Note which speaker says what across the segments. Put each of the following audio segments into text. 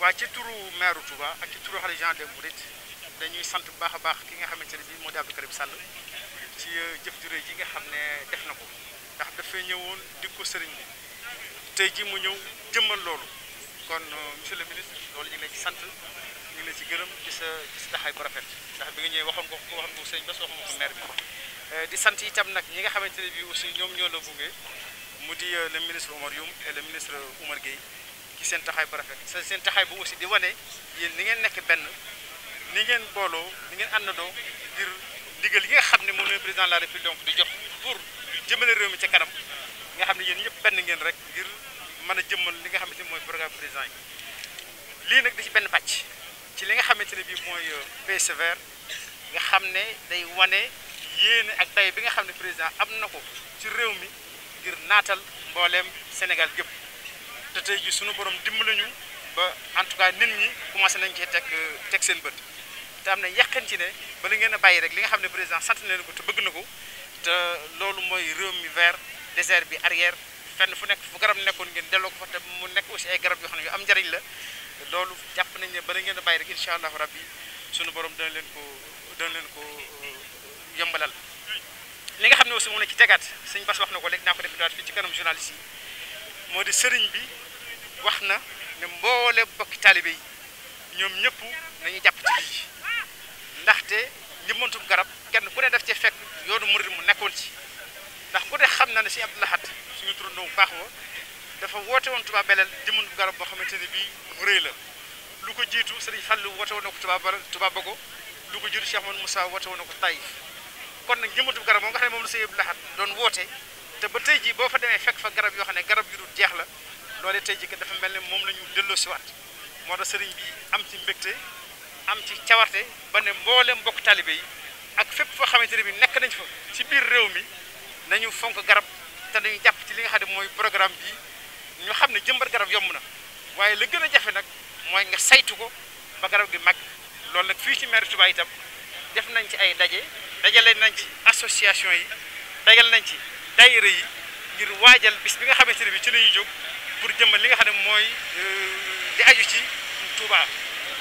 Speaker 1: waa ci turu maire Touba ak ci turu Khalife des Mourides dañuy sant bu baax a baax ki nga xamante ne bii moo di Abdou Karim Sall ci euh, jëf ju rëy yi nga xam ne def na ko ndax dafay ñëwoon dig ko sëriñ bi tey ji mu ñëw jëmmal loolu kon euh, monsieur le ministre loolu ñu ngi ci sant ñu ngi lay ci gërëm ci sa ci sa bu rafet ndax bi nga ñëwee waxoon ko waxoon ko sëriñ soo waxoon ko maire bi euh, di sant itam nag ñi nga xamante ne bii aussi ñoom ñoo la gunge mu di le ministre Omar Youm et le ministre Oumar ci seen taxaay bu rafet seen taxaay bu aussi di wane yéen ni ngeen nekk benn ni ngeen booloo ni ngeen àndandoo ngir ndigal li nga xam ne moom la président la république donc di jox pour jëmale réew mi ca kanam nga xam ne yéen ñëpp benn ngeen rek ngir mën a jëmmal li nga xam ne te mooy programme président yi. lii nag di ci benn pàcc ci li nga xamante ne bii mooy euh, PSVR nga xam ne day wane yéene ak tay bi nga xam ne président am na ko ci réew mi ngir naatal mbooleem Sénégal gépp tey ji suñu borom dimbali ñu ba en tout cas nit ñi commencé nañ cee teg teg seen bët te am na yàqin ci ne bala ngeen a bàyyi rek li nga xam ne président sant na leen ko te bëgg na ko te loolu mooy réew mi vert désert bi arrière fenn fu nekk fu garab nekkoon ngeen delloo ko fa te mu nekk aussi ay garab yoo xam ne yu am njariñ la loolu jàpp nañ ne ba li ngeen a bàyyi rek incha allahu rabbi suñu borom dana leen ko dana leen ko euh, yombalal li nga xam ne aussi moom la ci tegaat sëñ Bass wax na ko léegi naa ko def daal fii ci kanam journaliste yi wax na ne mboole bokki taalibe yi ñoom ñëpp nañu jàpp ci lii ndaxte njëmbantum garab kenn ku ne def cee fekk yoonu mu murid mu nekkoon ci ndax ku ne xam na ne si Abdou Lahad suñu turandoo bu baax woo dafa woote woon Touba Belel njëmbantum garab boo xamante ne bii mu rëy la lu ko jiitu Sëriñ Fallou woote woon na ko Touba Belel Touba Bogo lu ko jiitu Cheikh Mouhamed Moussa woote woon na ko Taïf kon nag njëmbantum garab moom nga xam ne moom la si Abdou Lahad doon woote te ba tey jii boo fa demee fekk fa garab yoo xam ne garab yu jeex la loole tey jii dafa mel ne moom la ñu delloo si waat moo tax sëriñ bi am ci mbégte am ci cawarte ba ne mboolem mbokk taalibe yi ak fépp foo xamante ne bi nekk nañ fa ci biir réew mi nañu fonk garab te nañu jàpp ci li nga xam ne mooy programme bi ñu xam ne jëmbat garab yomb na waaye la gën a jafe nag mooy nga saytu ko ba garab gi mag loolu nag fii ci mairie Touba itam def nañ ci ay daje dajale nañ ci association yi dajal nañ ci daayira yi ngir waajal bis bi nga xamante ne bi ci la jóg pour jëmbal li nga xam ne mooy euh, di aju ci Touba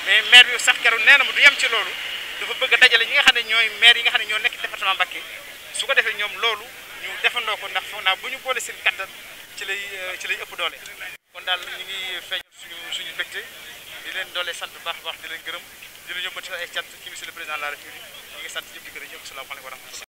Speaker 1: mais maire bi sax keroog nee na ma du yem ci loolu dafa bëgg a dajale ñi nga xam ne ñooy maire yi nga xam ne ñoo nekk département Mbacké su ko defee ñoom loolu ñu defandoo ko ndax foog naa bu ñu boole seen kattan ci lay euh, ci ëpp doole. kon daal ñu ngi feeñal suñu suñu mbégte di leen doole sant baax baax di leen gërëm di leen yóbbante ay cant ci monsieur le président de la ñu ngi sant ñëpp di gërëm ñëpp salaamaaleykum wa rahmatulah.